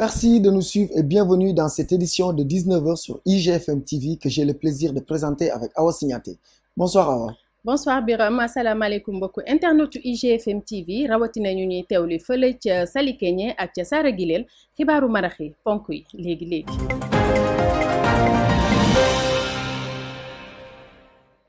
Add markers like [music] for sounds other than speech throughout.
Merci de nous suivre et bienvenue dans cette édition de 19h sur IGFM TV que j'ai le plaisir de présenter avec Awa Signaté. Bonsoir Awa. bonsoir Birame beaucoup Salam Internaute IGFM TV rawatina ñu ñuy teewli feulé ci Saly ak ci Sara Gilel xibaaru marax yi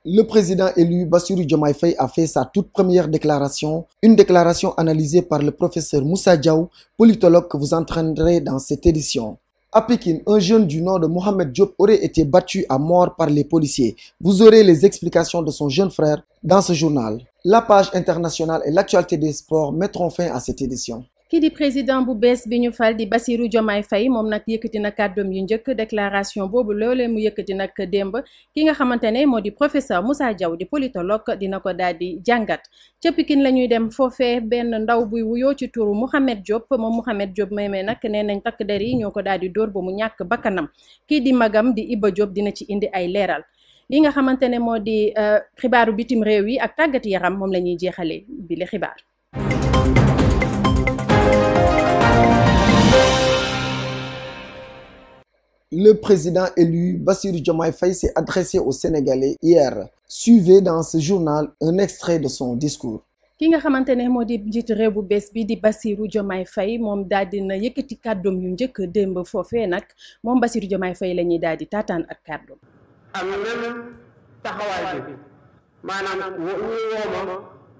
le président élu Bassirou Diomaye a fait sa toute première déclaration, une déclaration analysée par le professeur Moussa Diaw, politologue que vous entraînerez dans cette édition. À Pékin, un jeune du nom de Mohamed Diop aurait été battu à mort par les policiers. Vous aurez les explications de son jeune frère dans ce journal. La page internationale et l'actualité des sports mettront fin à cette édition. kii di président bu bees bi ñu fal di Bassirou Diomaye fay moom nag yëkkati na kàddoom yu njëkk déclaration boobu loolee mu yëkkati nag démb ki nga xamante ne moo di professeur Moussa Diaw di politologue dina ko daal di jàngat ca kin la ñuy dem foofee benn ndaw buy wuyoo ci turu Mouhamed Diop moom Mouhamed Diop maymee nag nee nañ takk der yi ñoo ko daal di dóor ba mu ñàkk bakkanam kii di magam di Iba Diop dina ci indi ay leeral li nga xamante ne moo di euh, xibaaru bitim réew yi ak tàggat yaram moom la ñuy jeexalee bi li Le président élu Bassirou Diomaye Faye s'est adressé aux Sénégalais hier. Suivez dans ce journal un extrait de son discours. ki nga xamantene ne moo di njiitu bi di Bassirou Diomaye Faye moom daal di na yëkkati kàddoom yu njëkk démb foofee nag moom Bassirou Diomaye Faye la ñuy daal di taataan ak kàddoom. am nañu taxawaay bi maanaam ñu woo ma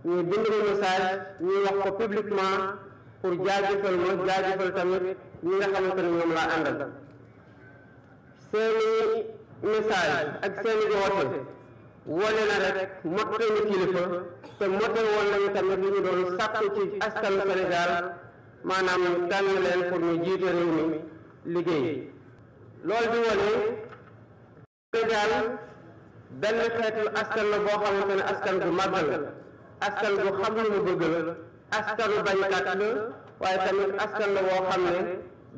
ñu bind ma message ñu wax ko publiquement pour jaajëfal ma jaajëfal tamit ñi nga xamante ne ñoom laa àndal. seeni message ak seeni woote wane na rek motte ñu kilifa te motte woon nañu tamit li ñu doon sàkku ci askanu Sénégal maanaam ñu tànn leen pour ñu jiite réew mi liggéey lool di wane Sénégal benn xeetu askan la boo xamante ne askan gu màgg la askan gu xam lu mu bëgg la waaye tamit askan la boo xam ne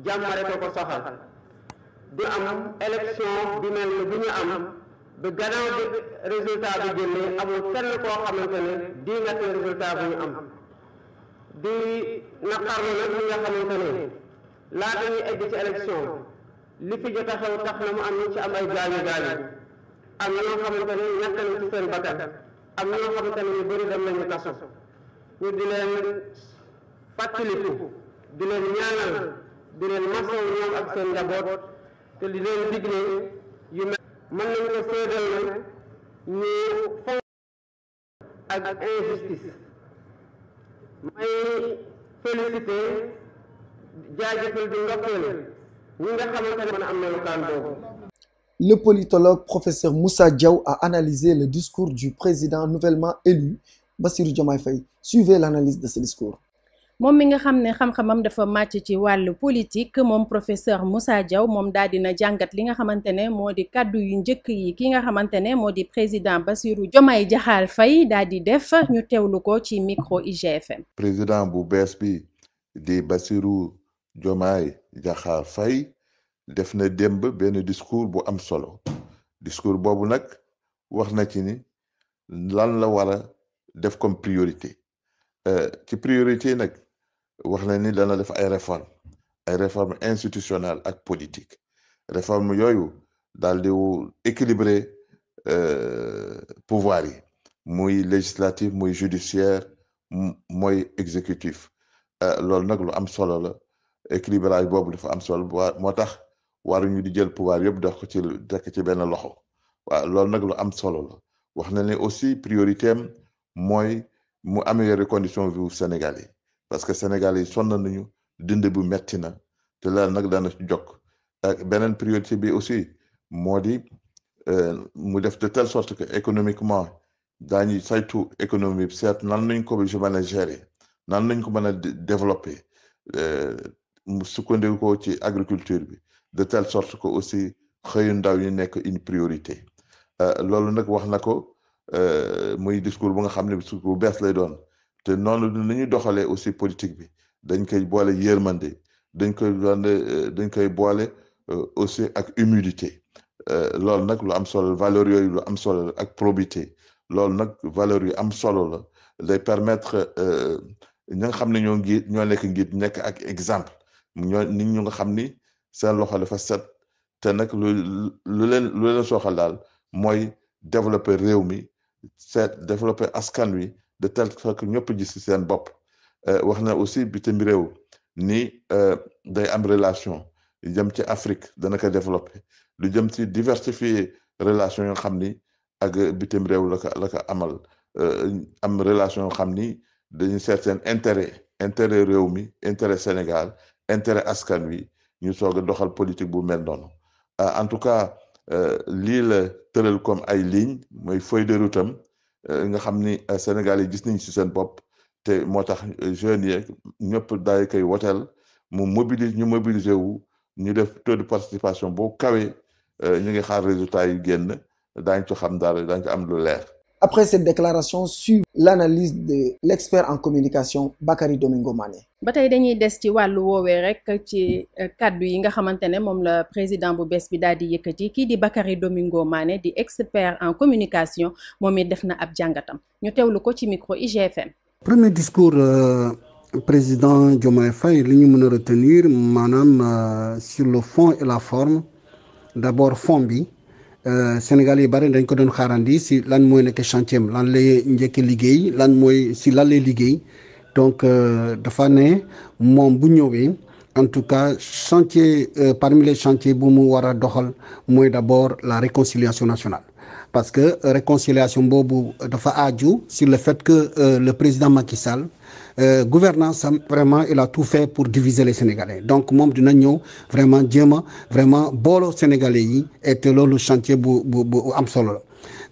jàmm rek ko soxal du am élection bi mel ni bu ñu am bi gannaaw bi résultat bi génnee amul kenn koo xamante ne di nga seen résultat bu ñu am di naqarlu nag li nga xamante ne laata ñuy egg ci élection li fi jot a xew tax na mu am ñu ci am ay gaañu gaañu am ñoo xamante ne ñàkk nañ ci seen bakkan am ñoo xamante ne ñu bëri dem nañu kaso ñu di leen fàttaliku di leen ñaanal di leen masaw ñoom ak seen njaboot te di leen digle yu mel mën nañ ko seedal na ñu fonk ak injustice may félicité jaajëfal di ndokkeel ñi nga xamante ne mën a am melokaan boobu Le politologue professeur Moussa Diaw a analysé le discours du président nouvellement élu, Bassirou Diomaye Faye. Suivez l'analyse de ce discours. moom mi nga xam ne xam-xamam dafa màcc ci wàllu politique moom professeur Moussa Diaw moom daal dina jàngat li nga xamante ne moo di kàddu yu njëkk yi ki nga xamante ne moo di président Bassirou Diomaye Diakhar Faye daal di def ñu teewlu ko ci micro IGFM. président bu bees bi di Bassirou Diomaye Diakhar Faye def na démb benn discours bu am solo discours boobu nag wax na ci ni lan la war def comme priorité euh, ci priorité nag. wax na ni dana def ay réforme ay réforme institutionnelle ak politique réforme yoyu daal di équilibrer euh, pouvoir yi muy législatif muy judiciaire moy exécutif euh, lool nak lu am solo la équilibrage bobu dafa am solo motax tax ñu di jël pouvoir yëpp dox ci dekk ci ben loxo wa lool nak lu am solo la wax na aussi priorité moy mu améliorer condition vie Sénégal parce que sénégalais yi sonn nañu dund bu metti na te laal nag daana ci jokk benen priorité bi aussi modi euh mu def de telle sorte que économiquement daañu saytu économie bi seet nan nañ ko je mën a gérer nan nañ ko mëna a développer euh, mu sukkandiku ko ci agriculture bi de telle sorte que aussi xeyu ndaw yi nek une priorité euh loolu nak wax nako euh muy discours bu nga xamné ne discours bu bees lay doon té noonu ni ñu doxalee aussi politique bi dañ koy boole yermandé dañ koy dañ koy boole euh, aussi ak humilité euh, lool nak lu am solo valeur yoy lu am solo ak probité lool nak valeur yu am solo la day permettre euh ñinga xamné ne ñoo ngi ñoo nekk ngi nekk ak exemple ñi ñu nga xam ni seen loxo dafa set té nak lu lu leen lu leen soxal dal moy développer réew mi seet développer askan wi de telle que ñop gis ci sen bop euh waxna aussi bitim rew ni euh, day am relation lu jëm ci Afrique da naka développer, lu jëm ci diversifier relation yo xamni ak bitim réew la la amal amal euh, am relation yoo ni dañu certain intérêt intérêt rew mi intérêt Sénégal intérêt askan wi ñu soga doxal politique bu mel non euh, en tout cas li la tëral comme ay ligne moy feuille de route am Euh, nga xam ni euh, Sénégal yi gis nañ si seen bopp te moo tax euh, jeunes yeeg ñëpp daay koy woteel mu mobilise ñu mobiliser wu ñu def taux de participation bo kawee ñu ngi xaar résultat yi génn daañ ci xam dara daañ ci am lu leer Après cette déclaration, suit l'analyse de l'expert en communication Bakary Domingo Mané. ba tey dañuy dess ci walu wowe rek ci cadre euh, yi nga xamantene mom moom la président bu bees bi daal di yëkkati kii di Bakary Domingo Mané di expert en communication momi it def na ab jangatam. ñu tewlu ko ci micro IGFM. premier discours euh, président Diomaye Faye li ñu mëna retenir manam euh, sur le fond et la forme d'abord fond bi. Euh, Sénégal yi bari dañ ko doon xaarandi si lan mooy nekk chantier am lan lay njëkk liggéey lan mooy si lan lay liggéey donc euh, dafa ne moom bu ñëwee en tout cas chantier euh, parmi les chantiers bu mu war a doxal mooy d'abord la réconciliation nationale. parce que réconciliation boobu dafa aaju sur le fait que le président Macky Sall. Euh, gouvernance vraiment il a tout fait pour diviser les Sénégalais donc moom dina ñëw vraiment Djema, vraiment Bolo Sénégalais yi et le chantier bu bu bu am solo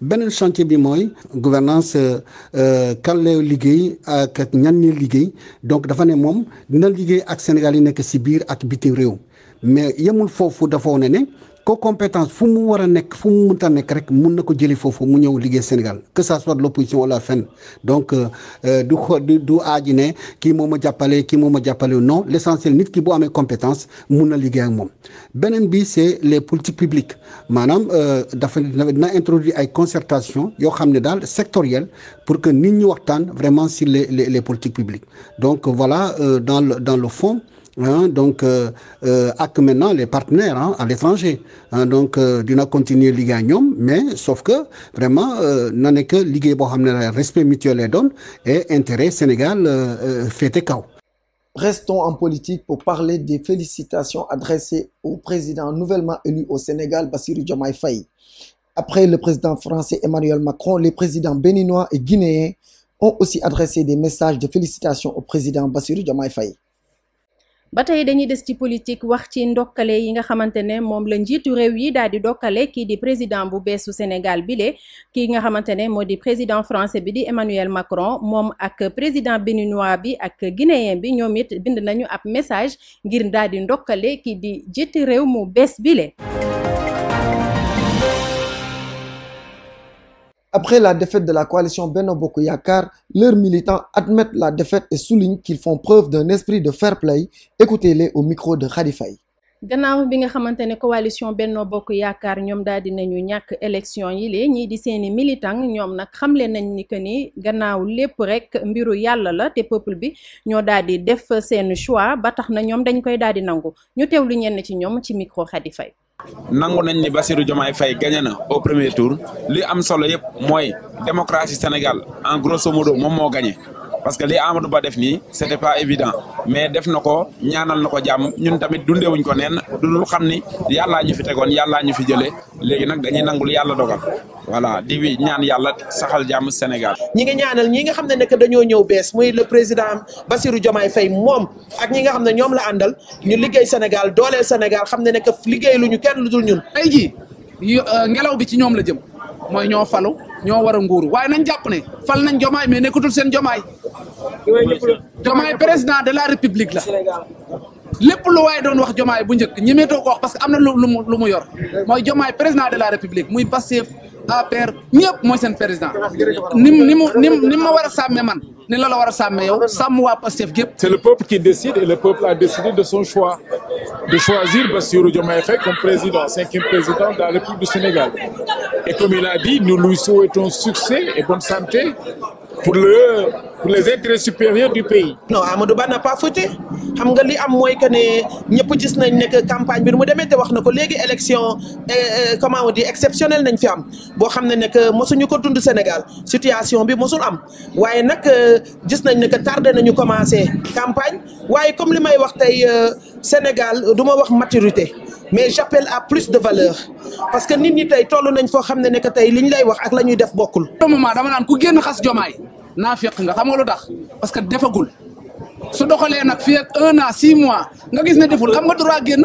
Benen chantier bi mooy gouvernance euh, euh, kan lay liggéey ak ñan liggéey donc dafa ne moom dina liggéey ak Sénégal yi nekk si biir ak bitim réew mais yemul foofu dafa wane ne ko compétence fu mu war a nekk fu mu mënta nekk rek mun na ko jëlee foofu mu ñëw liggéey Sénégal que ça soit de l'opposition wala fenn donc euh, euh, du xo du du aaji ne kii moo ma jàppale kii moo ma jàppale non l'essentiel nit ki bu amee compétence mun na liggéey ak moom. beneen bi c'est les politiques publiques maanaam euh, dafa na introduire ay concertation yoo xam ne daal pour que nit ñi waxtaan vraiment sur les les les politiques publiques donc voilà dans le dans le fond. Hein, donc, euh, que euh, maintenant les partenaires hein, à l'étranger. Hein, donc, euh, d'une continuer à mais sauf que vraiment n'en est que le respect mutuel et donne et intérêt Sénégal euh, fait. kaw. Restons en politique pour parler des félicitations adressées au président nouvellement élu au Sénégal, Bassirou Diomaye Faye. Après le président français Emmanuel Macron, les présidents béninois et guinéens ont aussi adressé des messages de félicitations au président Bassirou Diomaye Faye. ba tey dañuy des ci politique wax ci ndokkale yi nga xamante ne moom la njiitu réew yi daal di dokkale kii di président bu beesu Sénégal bi le kii nga xamante ne moo di président français bi di Emmanuel Macron moom ak président béninois bi ak guinéen bi ñoom it bind nañu ab message ngir daal di ndokkale kii di jiitu réew mu bees bi Après la défaite de la coalition Beno leurs militants admettent la défaite et soulignent qu'ils font preuve d'un esprit de fair play. Écoutez-les au micro de Khalifaï. gannaaw bi nga xamante ne coalition Benno Bokk Yaakaar ñoom daal di nañu ñàkk élection yi lee ñii di seeni militant ñoom nag xamle nañ ni que ni gannaaw lépp rek mbiru yàlla la te peuple bi ñoo daal di def seen choix ba tax na ñoom dañ koy daal di nangu ñu teew teewlu ñenn ci ñoom ci micro Khady fay nangu nañ ni Bassirou Diomaye Faye gagné na au premier tour li am solo yëpp mooy démocratie Sénégal en grosso modo moom moo gagné parce que li Amadou Ba def nii c'était pas évident mais def na ko ñaanal na ko jàmm ñun tamit du dundewuñ ko neen dudul xam ni yàllaa ñu fi tegoon yàllaa ñu fi jëlee léegi nag dañuy nangul yàlla dogal voilà di wi ñaan yàlla saxal jàmm Sénégal. ñi ngi ñaanal ñi nga xam ne nekk dañoo ñëw bees muy le président Bassirou Diomaye Faye moom ak ñi nga xam ne ñoom la àndal ñu liggéey Sénégal doole Sénégal xam ne nekk liggéey lu ñu kenn lu dul ñun. tey jii euh, ngelaw bi ci ñoom la jëm. mooy ñoo falu ñoo war nguuru waaye nañ jàpp ne fal nañ jomaay mais nekkatul seen jomaay jomaay président de la république la lepp lu way doon wax jomaay bu njëkk ñemeetoo ko wax parce que amna lu lu mu yor moy jomaay président de la république muy Pastef APR ñëpp moy sen président ni ni mu ni ni ma war a man ni la la wara samé yow sam wa Pastef gépp c'est le peuple qui décide et le peuple a décidé de son choix de choisir Bassirou Diomaye Faye comme président cinquième président de la République du Sénégal et comme il a dit nous lui souhaitons succès et bonne santé pour le pour les intérêts supérieurs du pays. non Amadou Ba n'a pas fauté xam nga li am mooy que ne ñëpp gis nañ nekk campagne bi nu mu demee te wax na ko léegi élection eh, eh, comment on dit exceptionnel nañ fi am boo xam ne nekk mosuñu ko dund Sénégal situation bi mosul am waaye nag eh, gis nañ ne que tardé nañu commencer campagne waaye comme li may wax tey Sénégal du ma wax maturité mais j'appelle à plus de valeur parce que nit ñi tey toll nañ foo xam ne nekk tey li ñu lay wax ak la ñuy def bokkul. moment dama naan ku génn xas jomaay. naafeq nga xam nga lu tax parce que defagul su doxalee nag fii ak un an six mois nga gis ne deful xam nga droit génn.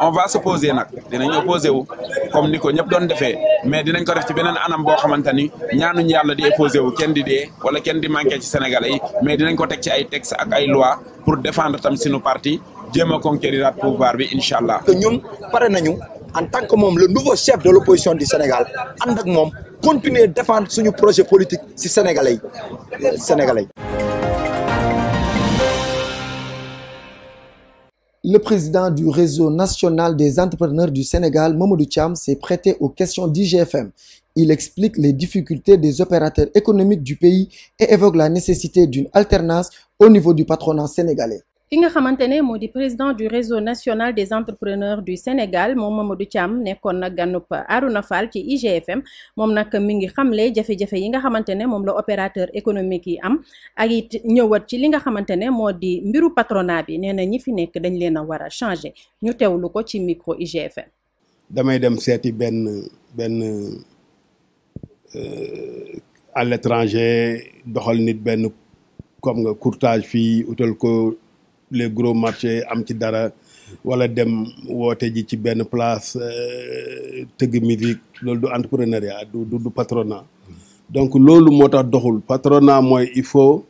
on va se poser nag dinañ opposé wu comme ni ko ñëpp doon defee mais dinañ ko def ci beneen anam boo xamante ni ñaanuñ yàlla e opposé wu kenn di dee wala kenn di manqué ci Sénégalais yi mais dinañ ko teg ci ay texte ak ay loi pour défendre tam sunu parti jéem a conquérir pouvoir bi incha allah. que ñun pare nañu en tant que moom le nouveau chef de l' opposition du Sénégal ànd ak moom. continuer défendre projet politique sénégalais Le président du réseau national des entrepreneurs du Sénégal, Mamadou Cham, s'est prêté aux questions d'IGFM. Il explique les difficultés des opérateurs économiques du pays et évoque la nécessité d'une alternance au niveau du patronat sénégalais. Inga nga xamante président du réseau national des entrepreneurs du Sénégal Mom Mamadou Thiam nekkoon na gànnub Arouna Fall ci IGFM Mom nag mi ngi xamle Jafé, jafe yi nga xamante opérateur économique yi am ak it ñëwaat ci li nga xamante ne mbiru patronat bi nee na ñi fi nekk dañ leen changer ñu teewlu ko ci micro IGFM. damay dem ben, ben euh, à l'étranger doxal nit ben comme nga courtage ou utal ko les gros marchés am ci dara wala dem wote ji ci ben place teug musique lolou du entrepreneuriat du du patronat donc lolou moo doxul patronat il faut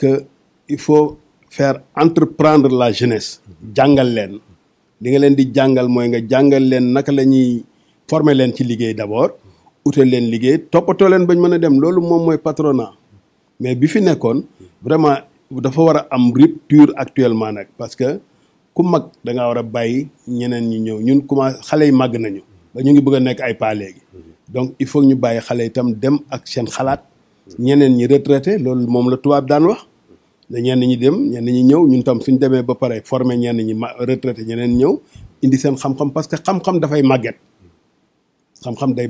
que il faut faire entreprendre la jeunesse jangal len li nga di jangal moy nga jangal len naka d'abord outel len liguey dem patronat mais bi fi vraiment il war a am rupture actuellement parce que ku mag da nga war a bàyyi ñeneen ñi ñëw ñun xale nañu ba ñu ngi bëgg nekk léegi donc il faut ñu bàyyi xale itam dem ak seen xalaat ñeneen ñi retraité loolu moom la tubaab daan wax ñenn ñi dem ñenn ñi ñëw ñun tam suñ demee ba pare former ñenn ñi retraité ñeneen ñëw indi seen xam-xam parce que xam-xam dafay màgget xam-xam day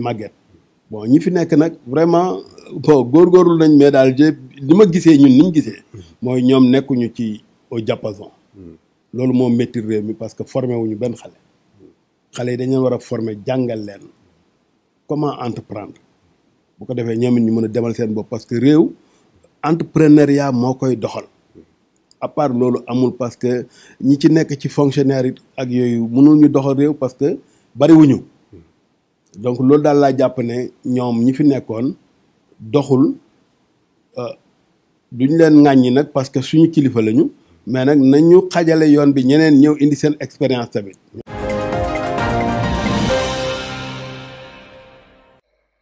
bon ñi fi nekk vraiment bon góorgóorlu nañ mais dal je li gisé ñun niñ gisé hmm. moy ñom ñoom nekkuñu ci au diapason hmm. lolu mo métti rew mi parce que formé wuñu ben xalé hmm. xalé yi dañu wara formé jangal leen comment entreprendre bu ko défé ñam it ñu mëna a demal seen bopp parce que rew entrepreneuriat mo koy doxal à part lolu amul parce que ñi ci nekk ci fonctionnaire ak yoyu mënul ñu doxal rew parce que bari wuñu donc lolu dal la japp né ñom ñi fi nekkoon euh, parce que mais expérience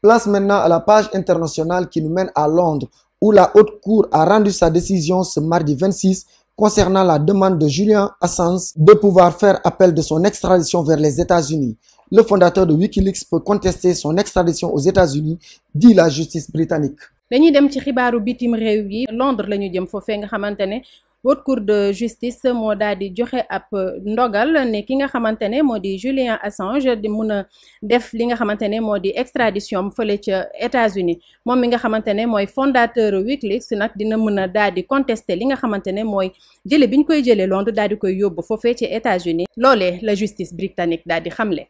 Place maintenant à la page internationale qui nous mène à Londres, où la Haute Cour a rendu sa décision ce mardi 26 concernant la demande de Julien Assange de pouvoir faire appel de son extradition vers les États-Unis le fondateur de Wikileaks peut contester son extradition aux États-Unis, dit la justice britannique. dañuy dem ci xibaaru bitim rew yi Londres lañu ñu jëm foofee nga xamante ne haute cour de justice mo daal joxé joxe ndogal né ki nga xamante modi Julien Assange di mëna def li nga xamante modi extradition fële ci États-Unis mom mi nga xamante moy fondateur Wikileaks nak dina mëna a contester li nga xamante moy mooy biñ koy jëlé Londres daal koy yóbbu fofé ci États-Unis lolé la justice britannique daal xamlé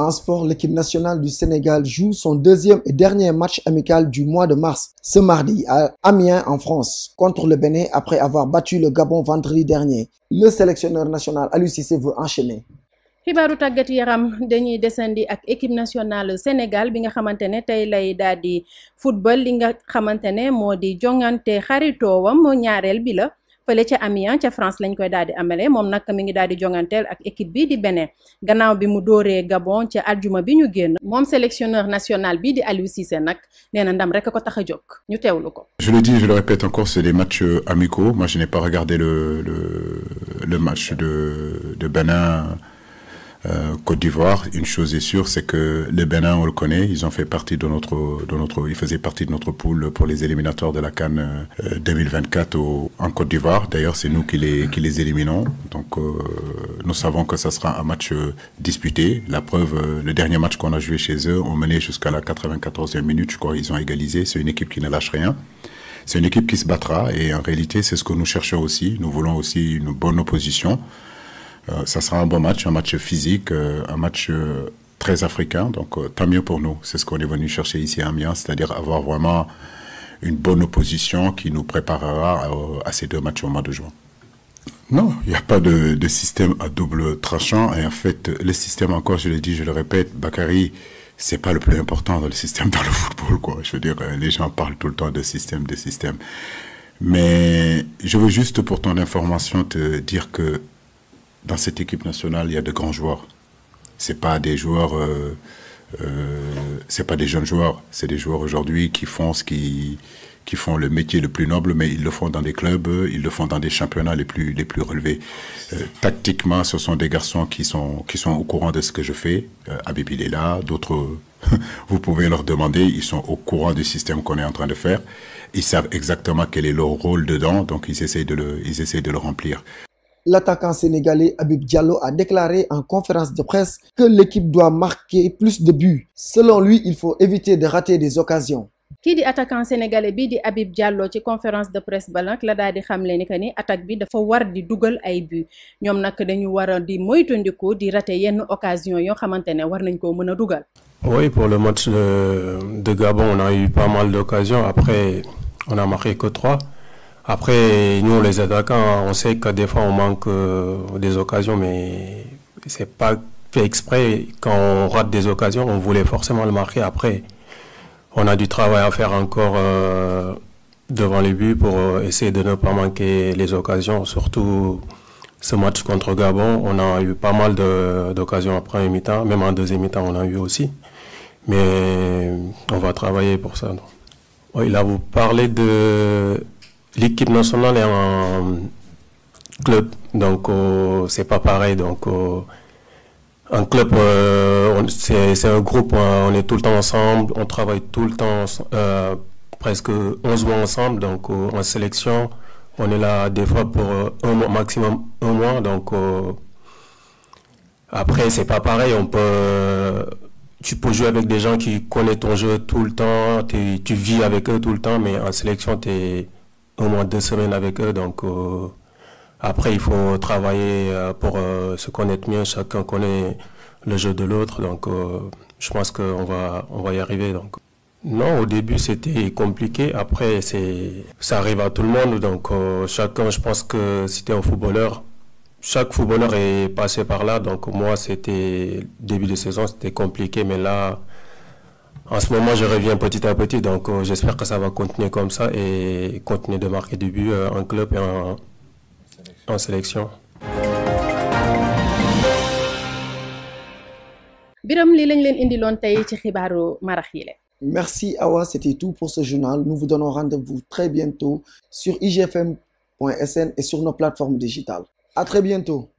En sport, l'équipe nationale du Sénégal joue son deuxième et dernier match amical du mois de mars, ce mardi à Amiens en France, contre le Bénin après avoir battu le Gabon vendredi dernier. Le sélectionneur national à Cissé veut enchaîner. Sénégal fële ci Amiens ci France lañ koy daldi di mom nak mi ngi daldi jongantel ak équipe bi di Bénin gannaaw bi mu dooree Gabon ci aljuma bi ñu génn mom sélectionneur national bi di Aliou Cissé nak néna ndam rek ko tax a ñu teewlu ko. je le dis je le répète encore c'est des matchs euh, amicaux moi je n'ai pas regardé le le le match de de Bénin. Euh, Côte d'Ivoire. Une chose est sûre, c'est que le Bénin, on le connaît, ils ont fait partie de notre, de notre, ils faisaient partie de notre poule pour les éliminatoires de la Cannes 2024 euh, en Côte d'Ivoire. D'ailleurs, c'est nous qui les, qui les éliminons. Donc, euh, nous savons que ça sera un match disputé. La preuve, le dernier match qu'on a joué chez eux, on menait jusqu'à la 94e minute. Je crois qu'ils ont égalisé. C'est une équipe qui ne lâche rien c'est une équipe qui se battra et en réalité c'est ce que nous cherchons aussi. Nous voulons aussi une bonne opposition. Euh, ça sera un bon match, un match physique, euh, un match euh, très africain. Donc, tant mieux pour nous. C'est ce qu'on est venu chercher ici à Amiens, c'est-à-dire avoir vraiment une bonne opposition qui nous préparera à, ces deux matchs au mois de juin. Non, il n'y a pas de, de, système à double tranchant. Et en fait, le système, encore, je le dis, je le répète, Bakary, c'est pas le plus important dans le système dans le football, quoi. Je veux dire, les gens parlent tout le temps de système, de système. Mais je veux juste, pour ton information, te dire que dans cette équipe nationale, il y a de grands joueurs. C'est pas des joueurs, euh, euh, c'est pas des jeunes joueurs. C'est des joueurs aujourd'hui qui font ce qui, qui font le métier le plus noble, mais ils le font dans des clubs, euh, ils le font dans des championnats les plus les plus relevés. Euh, tactiquement, ce sont des garçons qui sont qui sont au courant de ce que je fais. Euh, il est là, d'autres [laughs] vous pouvez leur demander, ils sont au courant du système qu'on est en train de faire. Ils savent exactement quel est leur rôle dedans, donc ils essayent de le ils essayent de le remplir. L'attaquant sénégalais Abib Diallo a déclaré en conférence de presse que l'équipe doit marquer plus de buts. Selon lui, il faut éviter de rater des occasions. Qui dit attaquant sénégalais bi di Habib Diallo ci conférence de presse ba la da di xam ni attaque bi war di ay dañu a di di rater yenn occasion yo xamante war nañ ko mëna oui pour le match euh, de Gabon on a eu pas mal d'occasions après on a marqué que trois. Après, nous, les attaquants, hein. on sait que des fois, on manque euh, des occasions, mais c'est pas fait exprès. Quand on rate des occasions, on voulait forcément le marquer. Après, on a du travail à faire encore euh, devant les buts pour euh, essayer de ne pas manquer les occasions. Surtout ce match contre Gabon, on a eu pas mal d'occasions après un mi-temps, même en deuxième mi-temps, on a eu aussi. Mais on va travailler pour ça. Il a vous parlé de L'équipe nationale est un club, donc euh, c'est pas pareil. Donc euh, club, euh, c'est un groupe, on est tout le temps ensemble, on travaille tout le temps, presque 11 mois ensemble. Donc en sélection, on est là des fois pour un mois, maximum un mois. Donc après, c'est pas pareil, on peut tu peux jouer avec des gens qui connaissent ton jeu tout le temps, tu vis avec eux tout le temps, mais en sélection, tu es au moins deux semaines avec eux. Donc euh, après, il faut travailler euh, pour euh, se connaître mieux. Chacun connaît le jeu de l'autre. Donc je pense qu'on va, on va y arriver. Donc. Non, au début c'était compliqué. Après, c'est ça arrive à tout le monde. Donc chacun, je pense que c'était un footballeur. Chaque footballeur est passé par là. Donc moi, c'était début de saison, c'était compliqué, mais là, en ce moment, je reviens petit à petit, donc euh, j'espère que ça va continuer comme ça et continuer de marquer des buts euh, en club et en, sélection. Merci Awa, c'était tout pour ce journal. Nous vous donnons rendez-vous très bientôt sur igfm.sn et sur nos plateformes digitales. À très bientôt.